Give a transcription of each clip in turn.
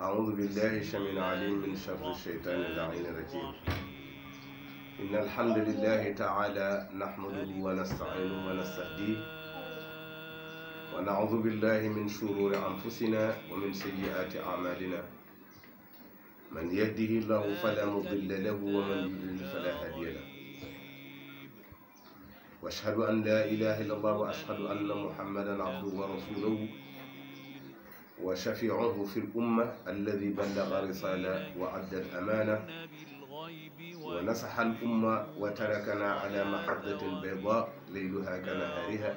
أعوذ بالله الشمين العليم من شر الشيطان اللعين الرجيم إن الحمد لله تعالى نحمده ونستعينه ونستهديه ونعوذ بالله من شرور أنفسنا ومن سيئات أعمالنا من يهده الله فلا مضل له ومن يضلل فلا هادي له واشهد ان لا اله الا الله واشهد ان محمدا عبده ورسوله وشفيعه في الأمة الذي بلغ رسالة وعد الأمانة ونصح الأمة وتركنا على محبة بيضاء ليلها كنهارها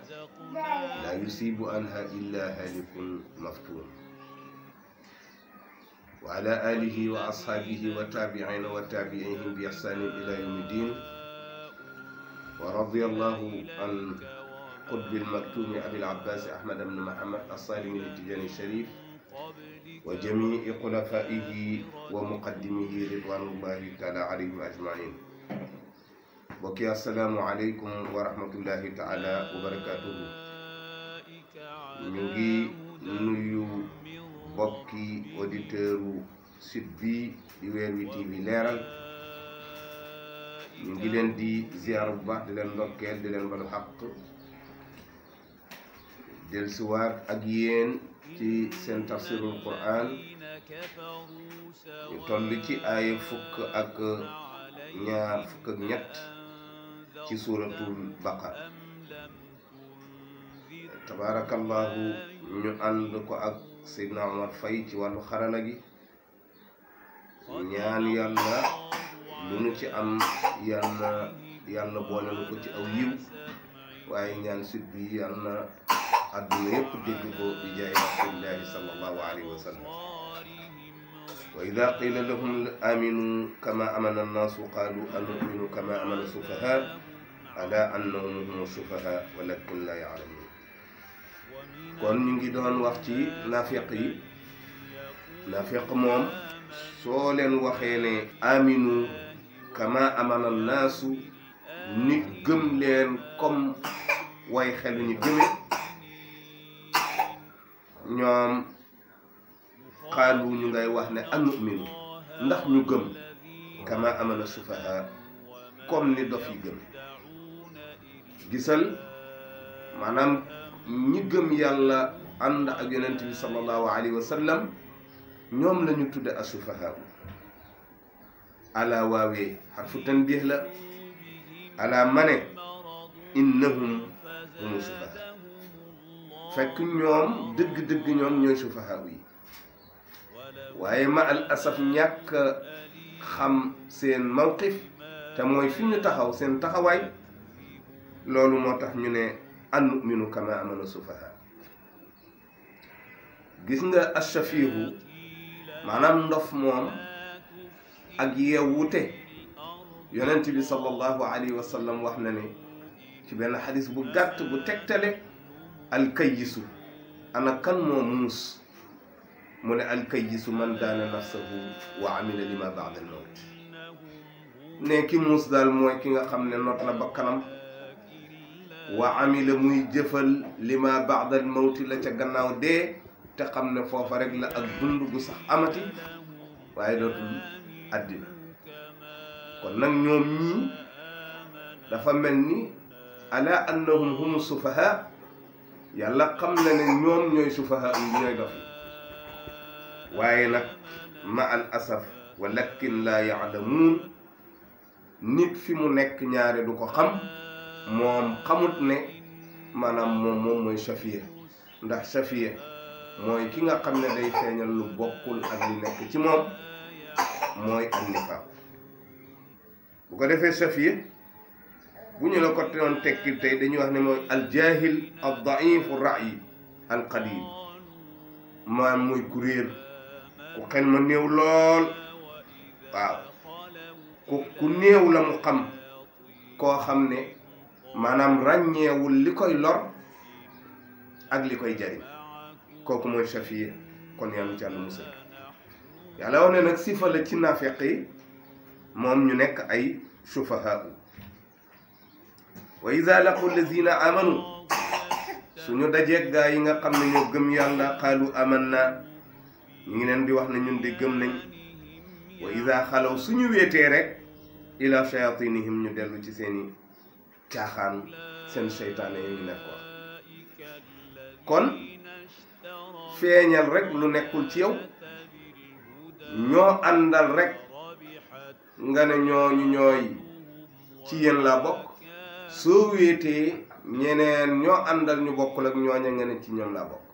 لا يصيب عنها إلا هالك مفتون وعلى آله وأصحابه وتابعين وتابعيهم بإحسان إلى يوم الدين ورضي الله عن قطب المكتوم أبي العباس أحمد بن محمد الصالمي التجاني الشريف وجميع خلفائه ومقدمه رضوان الله تعالى عليهم أجمعين وكي السلام عليكم ورحمة الله تعالى وبركاته ñu ngi nuyu bokki auditeur u site bi di Weer Wi TV leeral ñu ngi leen di ziar bu baax di leen ndokkeel di leen balu xaq del suwaar ak yéen ci seen tafsirul Qur'an ñu toll ci aaya fukk ak ñaar fukk ak ñett ci suuratul baqara tabaarakallaahu ñu ànd ko ak Seydina Omar Fay ci wàllu xarana gi ñaan yàlla lu nu ci am yàlla yàlla boole nu ko ci aw yiw waaye ñaan sit bi حديث بدو بجاه رسول الله صلى الله عليه وسلم وإذا قيل لهم آمنوا كما آمن الناس قالوا أنؤمن كما آمن السفهاء ألا أنهم هم السفهاء ولكن لا يعلمون كون من جدون وقتي نافقي نافق موم سولن وخيني آمنوا كما آمن الناس نجم لين كم ويخلوني جمل ñoom xaalu ñu ngay wax ne anuminu ndax ñu gëm kama amana sufaha comme ni dof yi gëm gisal maanaam ñi gëm yàlla ànd ak yonent bi sallallahu alayhi wa sallam la ñu tudde asufaha ala waawee xarfu tanbih la ala mane innahum humu sufaha فك نيوم دغ دغ نيوم نيو سفهاوي واي مع الاسف نياك خم سين موقف تا موي فين تخاو سين تخاواي لولو موتاخ ني ني ان نؤمن كما امن سفها غيسنغا الشفيه مانام ندوف موم اك ييووتي يونتي بي صلى الله عليه وسلم واخنا ني تي بن حديث بو غات بو تكتالي الكيس انا كان مو موس من الكيس من دان نفسه وعمل لما بعد الموت نيكي موس دال موي كيغا خامني نوت لا بكانم وعمل موي جفل لما بعد الموت لا تا غناو دي تا خامني فوفا رك لا اك دوندو صح امتي واي دوت ادنا كون نك نيوم ني دا فا ملني على انهم هم السفهاء yàlla xam na ne ñoom ñooy sufaha yi ñooy dof yi waaye nag ma al asaf walakin laa yaalamuun nit fi mu nekk ñaare du ko xam moom xamut ne maanaam moom moom mooy safiya ndax safiya mooy ki nga xam ne day feeñal lu bokkul ak li nekk ci moom mooy an bu ko defee safiya bu ñu la ko doon tekkil tey dañuy wax ne mooy aljahil ad daifu rayi al qadim maam mooy ku réer ku xel ma néew lool waaw ku ku la mu xam koo xam ne maanaam ràññeewul li koy lor ak li koy jariñ kooku mooy safiye kon yàlla ci àll musal yàlla wax ne nag sifa la ci naafeq moom ñu nekk ay sufahaa wa ida laqu lazina amanu suñu dajeeg gaa yi nga xam ne ñoo gëm yàlla xaalu aman na ñu ngi leen di wax na ñun di gëm nañ wa ida xalaw suñu wéetee rek ila shayatinihim ñu dellu ci seeni caaxaan seen seytaane yi ngi nekkoon kon feeñal rek lu nekkul ci yow ñoo àndal rek nga ne ñooñu ñooy ci yéen laa bokk soo wéetee ñeneen ñoo àndal ñu bokkul ak ñooña nga ne ci ñoom laa bokk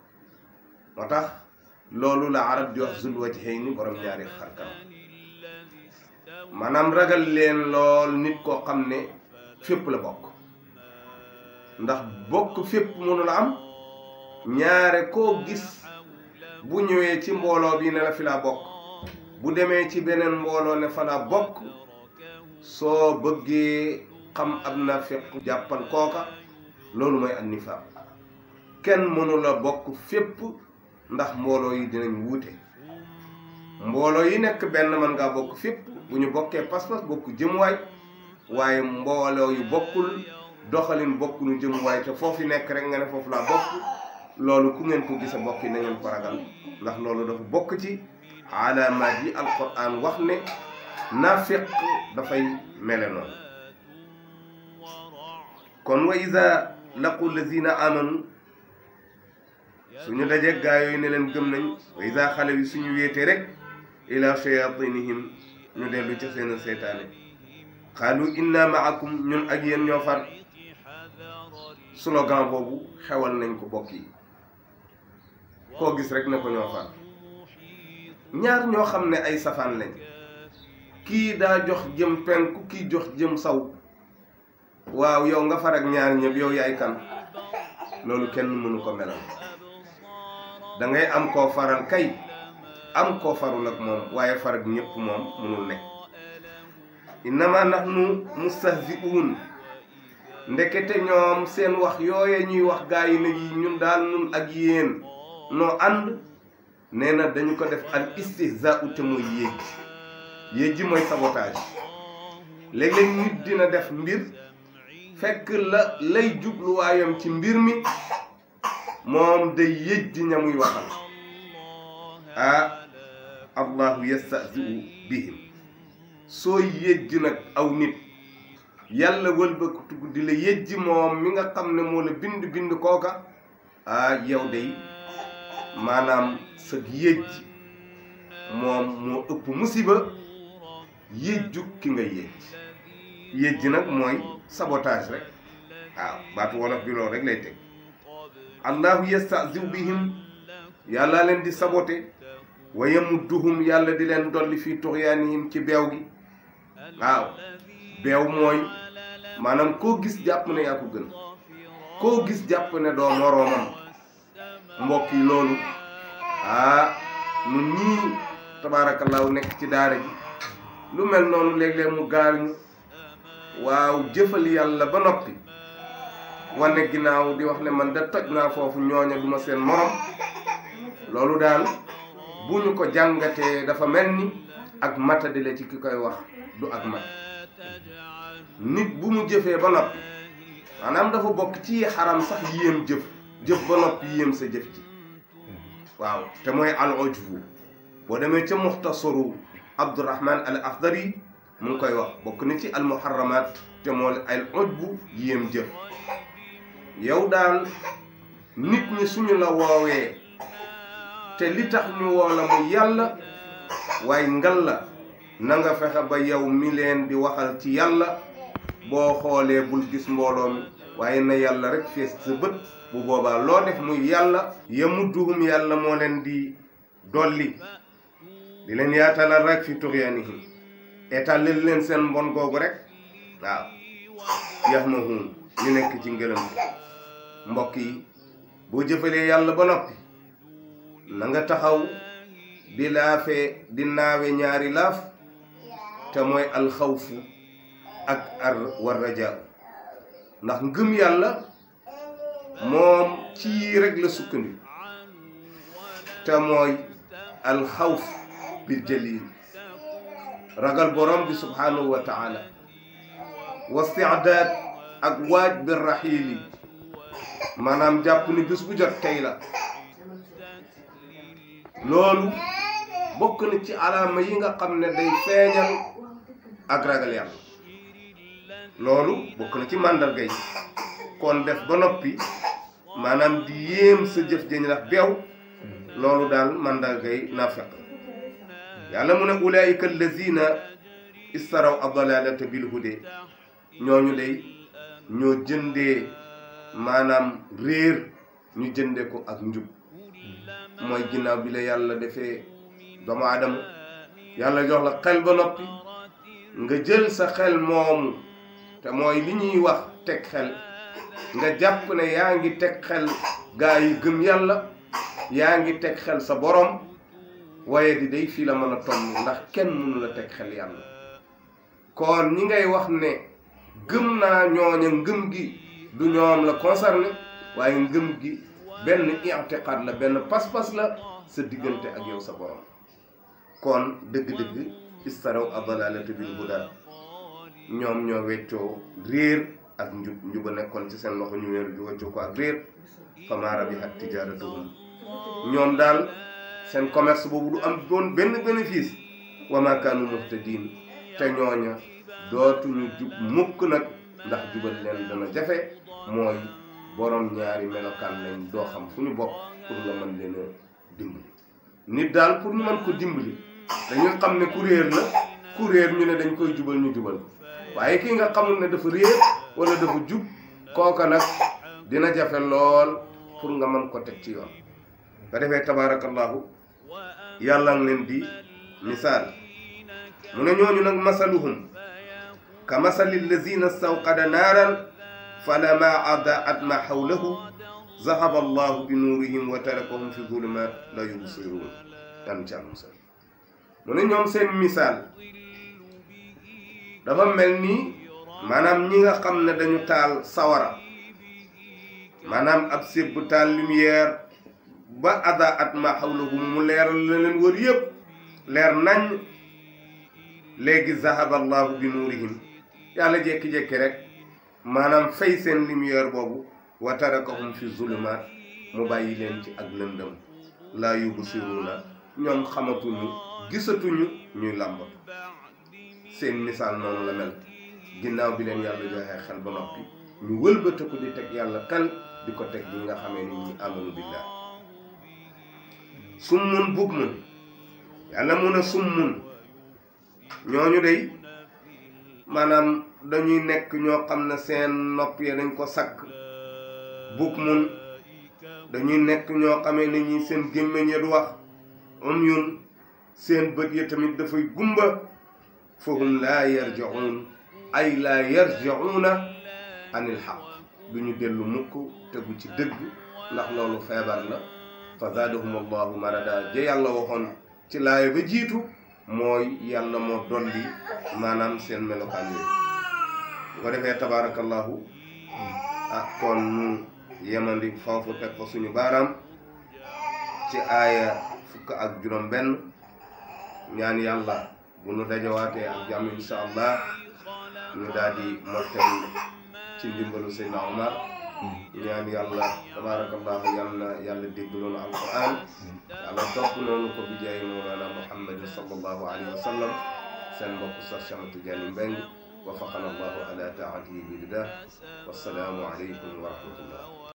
moo tax loolu la arab di wax zul wajhayni borom ñaari xarkanam maanaam ragal leen lool nit koo xam ne fépp la bokk ndax bokk fépp mënula am ñaare koo gis bu ñëwee ci mbooloo bi ne la fi laa bokk bu demee ci beneen mbooloo ne fa bokk soo bëggee xam ab nafiq jàppal kooka loolu mooy an nifaaq kenn mënula bokk fépp ndax mbooloo yi dinañ wuute mbooloo yi nekk benn mën ngaa bokk fépp bu ñu bokkee pas-pas bokk jëmuwaay waaye mbooloo yu bokkul doxalin bokkunu waay te foofu nekk rek nga ne foofu laa bokk loolu ku ngeen ko gis a bokk yi na ngeen ko ragal ndax loolu dafa bokk ci alaamaat yi alquran wax ne nafiq dafay mele noonu kon wa ida laqu lazina amanu suñu dajeeg gaa yooyu ne leen gëm nañ wa xale yi suñu wéete rek ila shayatinihim ñu dellu ca seen seytaane xaalu inna maakum ñun ak yéen ñoo far slogan boobu xewal nañ ko bokk yi koo gis rek na ko ñoo far ñaar ñoo xam ne ay safaan lañ kii daa jox jëm penku kii jox jëm saw waaw yow nga far ak ñaar ñëpp yow yaay kan loolu kenn mënu ko melal da ngay am koo faral kay am koo farul ak moom waaye far ak ñëpp moom mënul nekk innama nahnu mustahzi'un ndekete ñoom seen wax yooye ñuy wax gaa yi ne yi ñun daal nun ak yéen noo ànd nee na dañu ko def al istihza'u te mooy yéeg yéeg ji mooy sabotage léeg-léeg dina def mbir fekk la lay jubluwaayam ci mbir mi moom day yëj di ñamuy waxal ah allahu yastahziu bihim sooy yëjj nag aw nit yàlla wëlbatug di la yëjji moom mi nga xam ne moo la bind bind kooka ah yow day maanaam sag yëjj moom moo ëpp musiba yëjju ki nga yëjj yéej ji nag mooy sabotage rek waaw baatu wolof bi loolu rek lay teg allahu yastaziw bihim yàlla leen di saboté wa yamudduhum yàlla di leen dolli fii tuxyaanihim ci beew gi waaw beew mooy maanaam koo gis jàpp ne yaa ko gën koo gis jàpp ne doo moroomam mbokk yi loolu ah nun ñii tabaarakallaahu nekk ci daara ji lu mel noonu léeg-léeg mu gaal ñu waaw jëfal yàlla ba noppi wane ginnaaw di wax ne man da toj naa foofu ñooña du ma seen morom loolu daal bu ñu ko jàngatee dafa mel ni ak matadi la ci ki koy wax du ak mat nit bu mu jëfee ba noppi maanaam dafa bokk ci xaram sax yéem jëf jëf ba noppi yéem sa jëf ci waaw te mooy al ujbu boo demee ca muxtasaru abdourahman al akhdari mu ngi koy wax bokk na ci almuharramaat te moo ay oj bu yéem jë yow daal nit ñi suñu la woowee te li tax ñu woo la mu yàlla waaye ngal la na nga fexe ba yow mi leen di waxal ci yàlla boo xoolee bul gis mbooloo mi waaye na yàlla rek fees sa bët bu boobaa loo def muy yàlla yamudduhum yàlla moo leen di dolli di leen yaatalal rek fi tuxyaanihim étalil leen seen mbon googu rek waaw yax ma hun ñu nekk ci ngëlëm mbokk yi boo jëfalee yàlla ba noppi na taxaw di di naawe ñaari laaf te mooy alxawfu ak ar war rajaa ndax ngëm yàlla moom ci rek la sukkandi te mooy alxawf bil jalil ragal borom bi subhanahu wa taala wa stidaad ak waaj bi raxiil yi maanaam jàpp ni bis bu jot tey la loolu bokk na ci alaama yi nga xam ne day feeñal ak ragal yàlla loolu bokk na ci màndarga yi kon def ba noppi maanaam di yéem sa jëf jëñ la beew loolu daal màndarga yi naa fekk yàlla mu ne ulaayika allazina istaraw addalalata bil hude ñu day ñoo jëndee maanaam réer ñu jënde ko ak njub mooy ginnaaw bi la yàlla defee doomu aadama yàlla jox la xel ba noppi nga jël sa xel moomu te mooy li ñuy wax teg xel nga jàpp ne yaa ngi teg xel gaa yi gëm yàlla yaa ngi teg xel sa borom waaye di day fii la mën a toll ndax kenn mënu la teg xel yàlla kon ñi ngay wax ne gëm naa ñooña ngëm gi du ñoom la concerné waaye ngëm gi benn i'tiqaad la benn pas-pas la sa diggante ak yow sa borom kon dëgg-dëgg istaraw addalalata bil huda ñoom ñoo weccoo réer ak njub njuba nekkoon ci seen loxo ñu weer ju weccoo ko ak réer fa maa rabihat tijaaratuhum ñoom daal sen commerce bobu du am doon benn bénéfice wa ma kanu muhtadin te ñooña dootuñu jub mukk nag ndax jubal leen dana jafe mooy borom ñaari melokaan lañ doo xam fu ñu bokk pour nga mën leen a dimbali nit daal pour ñu mën ko dimbali dañu xam ne ku réer la ku réer ñu ne dañ koy jubal ñu jubal waaye ki nga xamul ne dafa réer wala dafa jub kooka nag dina jafe lool pour nga mën ko teg ci yoon nga defee tabaarakallahu yàlla leen di misaal mu ne ñooñu nag masaluhum ka masali lazina stawqada naaran falama adaat ma xawlahu zahaba allahu bi nuurihim wa tarakahum fi zulumat la yubsiruun tan ci musal mu ne ñoom seen misaal dafa mel ni maanaam ñi nga xam ne dañu taal sawara maanaam ab sébbu taal lumière ba ada at ma xawlahum mu leeral la leen wër yëpp leer nañ léegi zahaba allahu bi nuurihim yàlla jekki-jekki rek maanaam fay seen lumière boobu wa tarakahum fi zulumaat mu bàyyi leen ci ak lëndëm laa yubsiruuna ñoom xamatuñu gisatuñu ñuy làmbatu seen misaal noonu la mel ginnaaw bi leen yàlla joxe xel ba noppi ñu wëlbatiku di teg yàlla kan di ko teg ñi nga xamee ni ñu amanu summun bukmun yàlla mun a summun ñooñu dey maanaam dañuy nekk ñoo xam na seen nopp ya dañ ko sakk bukmun dañuy nekk ñoo xamee ne ñi seen gémmiñ ya du wax umyun seen bët ya tamit dafay gumba fahum laa yarji'uun ay laa yarji'uuna anil xaq duñu dellu mukk tegu ci dëgg ndax loolu feebar la fazaduhum zaadahum allahu marada je yalla waxon ci laay ba jitu moy yalla mo dolli manam sen melokan yi ko defé tabarakallahu ak ah, kon nu yemandi fofu tek fa suñu baram ci aya fuk ak juroom ben ñaan yalla bu nu ak jamm inshallah ñu di ci dimbalu sayna Omar di ñaan yàlla tabaarakallaahu yàlla yàlla dégg loolu alquran yàlla topp loolu ko bi jaay mawlana muhammadin sallallahu alayhi wa sallam seen mbokk sax Cheikh Tidiane Mbengue wafaqana allahu ala taatihi bi ridaa wassalaamu aleykum wa rahmatullah